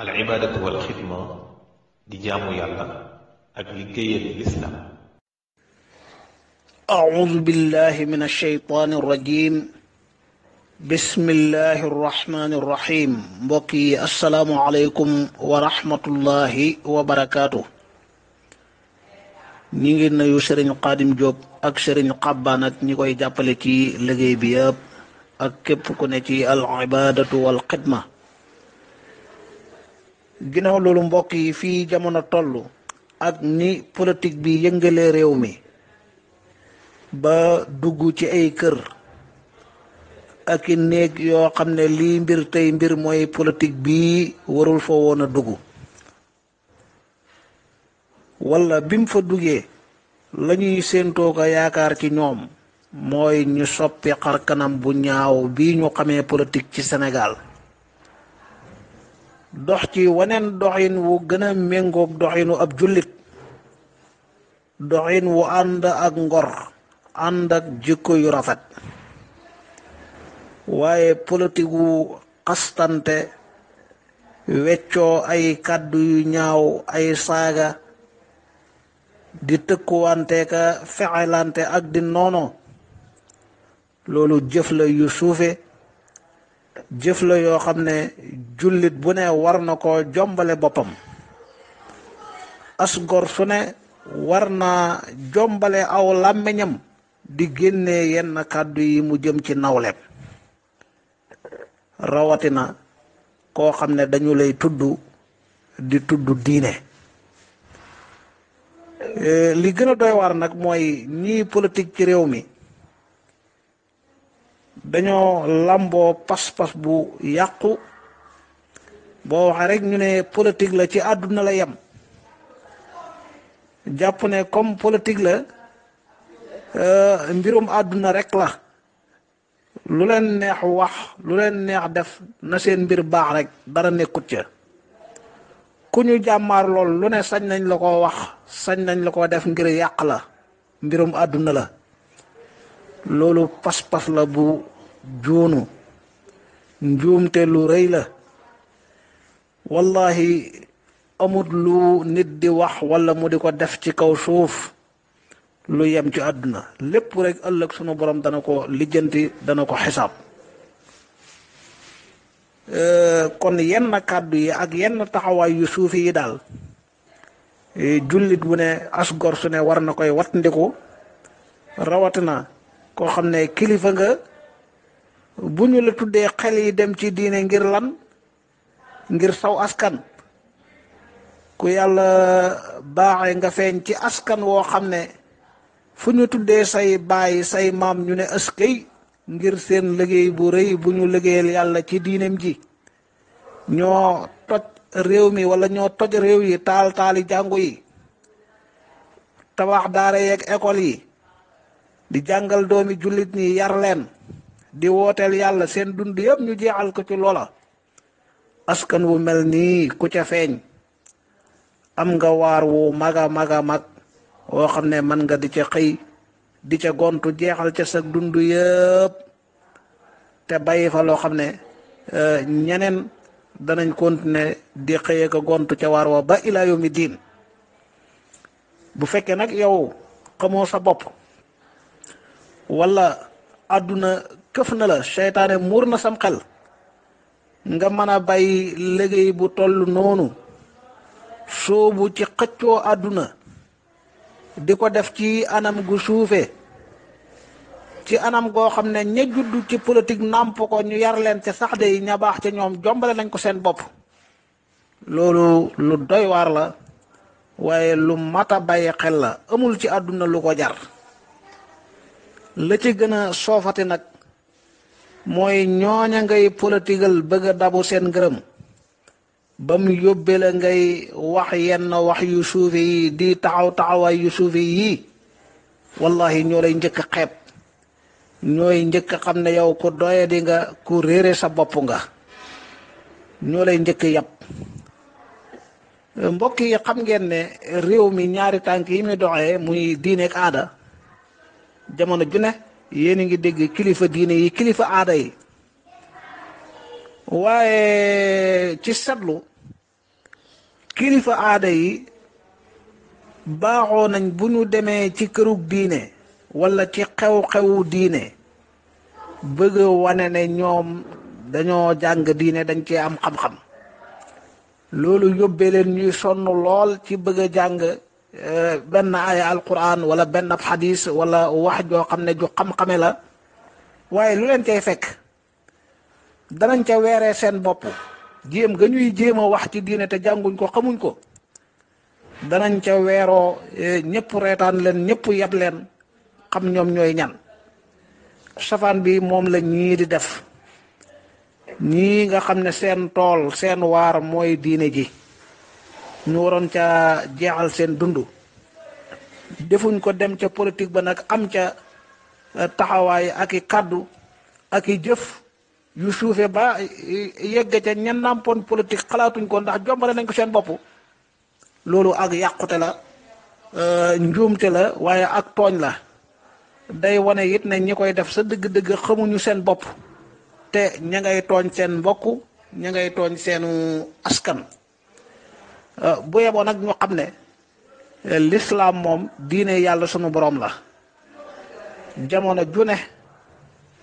al ibaadatu wal xidma di jaamu yàlla ak liggéeyal lislaam أعوذ بالله من الشيطان الرجيم بسم الله الرحمن الرحيم mbokki السلام عليكم ورحمة الله وبركاته ñi ngi nuyu sëriñ Xaadim Jóob ak sëriñ Xabbaan ak ñi koy jàppale ci liggéey bi yëpp ak képp ku ne ci al ibaadatu wal xidma ginnaaw loolu mbokk yi fii jamono toll ak ni politique bi yëngalee réew mi ba dugg ci ay kër ak i néeg yoo xam ne lii mbir tey mbir mooy politique bi warul fa woon a dugg wala bim fa duggee lañuy ñuy séentoo ko yaakaar ci ñoom mooy ñu soppi xar kanam bu ñaaw bi ñu xamee politique ci senegaal dox ci waneen doxin wu gën a méngoog doxinu ab jullit doxin wu ànd ak ngor ànd ak jikko yu rafet waaye politique wu xastante weccoo ay kàddu yu ñaaw ay saaga di tëkkuwante ka fexelante ak di noono loolu jëf la yu suufe jëf yoo xam ne jullit bu ne war na ko jombale boppam asgor su ne war naa jombale aw làmmiñam di génne yenn kàddu yi mu jëm ci nawleem rawatina koo xam ne dañu lay tudd di tudd diine eh, li gën a doy waar nag mooy ñii politique ci réew mi dañoo làmboo pas-pas bu yàqu boo waxee rek ñu ne politique la ci àdduna la yem jàpp ne comme politique la euh, mbirum àdduna rek la lu leen neex wax lu leen neex def na seen mbir baax rek dara nekkut ca ku ñu jàmmaar lool lu ne sañ nañ la ko wax sañ nañ la ko def ngir yàq la mbirum àdduna la loolu pas-pas la bu juunu njuumte lu rëy la wallahi amut lu nit di wax wala mu di ko def ci kaw suuf lu yem ci àdduna lépp rek ëllëg sunu borom dana ko lijjanti dana ko xisaab euh, kon yenn kàddu yi ak yenn taxawaay yu suufi yi daal eh, jullit bu ne asgor su ne war na koy watndiku rawatina koo xam ne kilifa nga bu ñu la tuddee xel yi dem ci diine ngir lan ngir saw askan ku yàlla baaxee nga feeñ ci askan woo xam ne fu ñu tuddee say baay say maam ñu ne askay ngir seen liggéey bu rëy bu ñu liggéeyal yàlla ci diineem ji ñoo toj réew mi wala ñoo toj réew yi taal taali jàngu yi tabax daara yeeg école yi di jàngal doomi jullit ñi yar leen di wooteel yàlla seen dund yëpp ñu jeexal ko ci loola askan wu mel nii ku ca feeñ am nga waar wu maga maga mag woo xam ne mën nga di ca xëy di ca gontu jeexal ca sa dund yëpp te bàyyi fa loo xam ne eh, ñeneen danañ continuer di xëyee ko gontu ca waar wa ba ilaa mi diin bu fekkee nag yow xamoo sa bopp wala àdduna këf na la seytaane muur na sam xel nga mën a bay liggéey bu toll noonu soobu ci xëccoo àdduna di ko def ci anam gu suufee ci anam goo xam ne ña judd ci politique nàmp ko ñu yar leen ca sax de ña baax ca ñoom jombale nañ ko seen bopp loolu lu doy waar la waaye lu mat a bàyyi xel la amul ci àdduna lu ko jar la ci gën a soofati nag mooy ñooña ngay politigal bëgg a dabu seen ngërëm ba mu yóbbee ngay wax yenn wax yu suufi yi di taxaw taxawaay yu suufi yii wallahi ñoo lay njëkk a ñooy njëkk xam ne yow ku doye di nga ku réere sa bopp nga ñoolay njëkk yap mbokk yi xam ngeen ne réew mi ñaari tànk yi muy doxee muy diineek aada jamono ju ne yéen a ngi dégg kilifa diine yi kilifa aada yi waaye ci seetlu kilifa aada yi baaxoo nañ bu ñu demee ci kërug diine walla ci xew-xewu diine bëgg wane ne ñoom dañoo jàng diine dañ cee am xam-xam loolu yóbbee leen ñuy sonn lool ci bëgg jàng benn aaya alquran wala benn ab xadis wala wax joo xam ne ju xam-xame la waaye lu leen cay fekk danañ ca weeree seen bopp jéem ga ñuy jéem a wax ci diine te jànguñ ko xamuñ ko danañ ca weeroo e, ñépp reetaan leen ñëpp yab leen xam ñoom ñooy ñan safaan bi moom la ñii di def ñii nga xam ne seen tool seen waar mooy diine ji ñu waroon ca jeexal seen dund defuñ ko dem ca politique ba nag am ca eh, taxawaay ak i kàddu ak i jëf yu suufee ba eh, yegg ca ñen nampoon politique xalaatuñ ko ndax jombale nañ ko seen bopp loolu ak yàqute la eh, njuumte la waaye ak tooñ la day wane it ne ñi koy def sa dëgg-dëgg xamuñu seen bopp te ña ngay tooñ seen mbokk ña ngay tooñ seenu askan bu yeboo nag ñu xam ne lislaam moom diine yàlla sunu boroom la jamono ju ne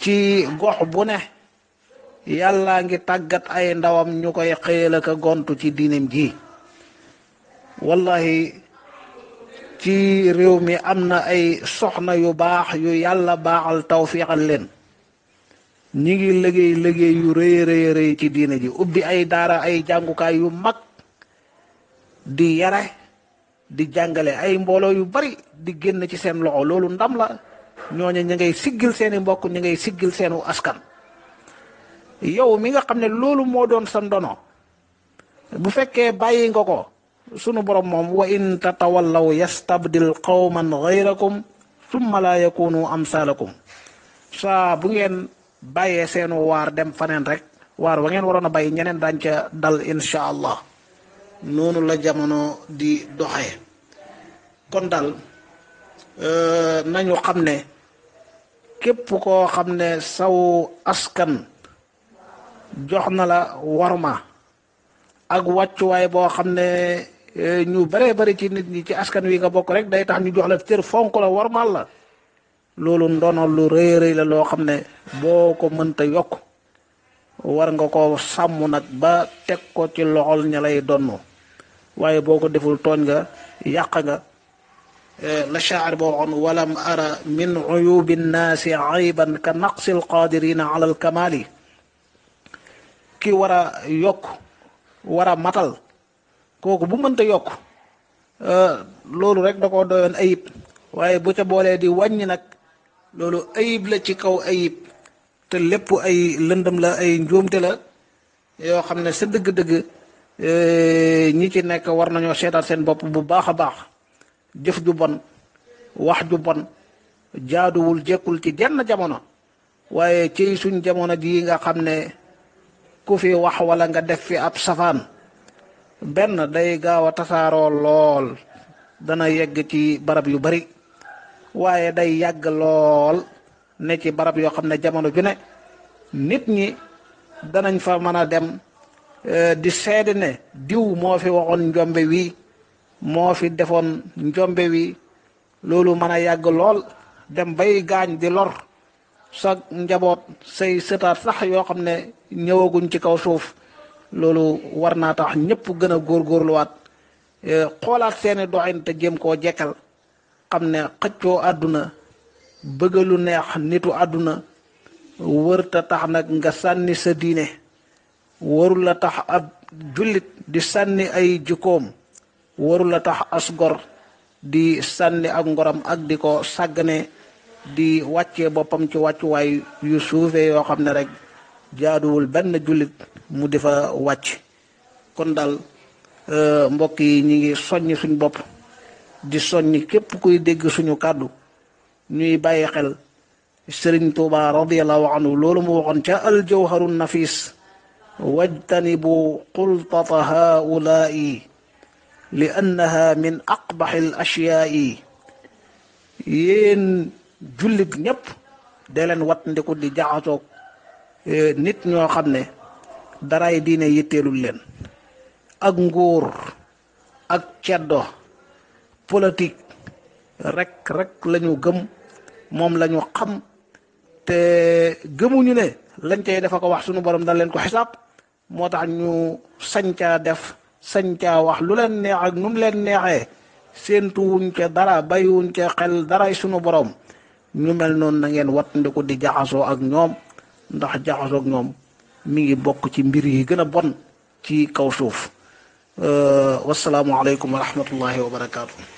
ci gox bu ne yàlla ngi tàggat ay ndawam ñu koy xëyal ak gontu ci diineem ji wallahi ci réew mi am na ay soxna yu baax yu yàlla baaxal tawfiixal leen ñi ngi liggéey liggéey yu rëy rëy rëy ci diine ji ubbi ay daara ay jàngukaay yu mag di yare di jàngale ay mbooloo yu bari di génn ci seen loxo loolu ndam la ñooñu ñu ngay siggil seen mbokk ñu ngay siggil seenu askan yow mi nga xam ne loolu moo doon sa ndono bu fekkee bàyyi nga ko sunu borom moom wa in tatawallaw yastabdil qawman gayrakum summa laa yakunu amsalakum saa bu ngeen bàyyee seenu waar dem faneen rek waar wa ngeen waroon a bàyyi ñeneen daañ ca dal incha noonu la jamono di doxe kon daal euh, nañu xam ne képp koo xam ne saw askan jox na la warma ak wàccuwaay boo xam ne euh, ñu bare bari ci nit ñi ci askan wi nga bokk rek day tax ñu jox la cër fonk la warmal la loolu ndono lu rëy rëy la loo xam ne boo ko mënta yokk war nga ko sàmm nag ba teg ko ci loxol ña lay donn waaye boo ko deful tooñ nga yàq nga eh, la shaacir boo waxoon walam ara min uyubi nnaasi ayban ka naqsi alqaadirina ala alkamaali ki war a yokk wara matal kooku bu mënta yokk eh, loolu rek da ko doyoon ayib waaye bu ca boolee di wàññi nag loolu ayib la ci kaw ayib te lépp ay lëndëm la ay njuumte la yoo xam ne sa dëgg-dëgg Eh, ñi ci nekk war nañoo seetaat seen bopp bu baax a baax jëf ju bon wax ju bon jaaduwul jekkul ci jenn jamono waaye ci suñ jamono jii nga xam ne ku fi wax walla nga def fi ab safaan benn day gaaw a tasaaroo lool dana yegg ci barab yu bari waaye day yàgg lool ne ci barab yoo xam ne jamono ju ne nit ñi danañ fa mën a dem Eh, di seede ne diw moo fi waxoon njombe wi moo fi defoon njombe wi loolu mën a yàgg lool dem bay gaañ di lor sa njaboot say sëtaat sax yoo xam ne ñëwaguñ ci kaw suuf loolu war naa tax ñëpp gën a góorgóorluwaat eh, xoolaat seeni doxin te jéem koo jekkal xam ne xëccoo àdduna bëgg lu neex nitu àdduna wërta tax nag nga sànni sa diine warul tax ab jullit di sànni ay jukkoom warul tax as gor di sànni ak ngoram ak di ko sàggane di wàccee boppam ci wàccuwaay yu suufee yoo xam ne rek jaaduwul benn jullit mu defa wàcc kon daal euh, mbokk yi ñi ngi soññ suñ bopp di soññ képp kuy dégg suñu kàddu ñuy bàyyi xel sëriñ Tuuba radiyallahu anhu loolu mu waxoon ca al jawharun nafis واجتنبوا قلطة هؤلاء لأنها من أقبح الأشياء yéen jullit ñëpp de leen wattandiku di jaxasoog e, nit ñoo xam ne daraay diine yitteelul leen ak nguur ak ceddo politique rek rek lañu gëm moom la xam te gëmuñu ne lañ cay dafa ko wax sunu borom dana leen ko xisaab moo tax ñu sañ def sañ wax lu leen neex ak nu leen neexee séentu wuñ dara bàyyiwuñ ce xel daray suñu borom ñu mel noonu na ngeen wat wattandiku di jaxasoo ak ñoom ndax jaxasoo ak ñoom mi ngi bokk ci mbir yi gën a bon ci kaw suuf euh, wasalaamualeykum wa rahmatullahi wa barakaatu.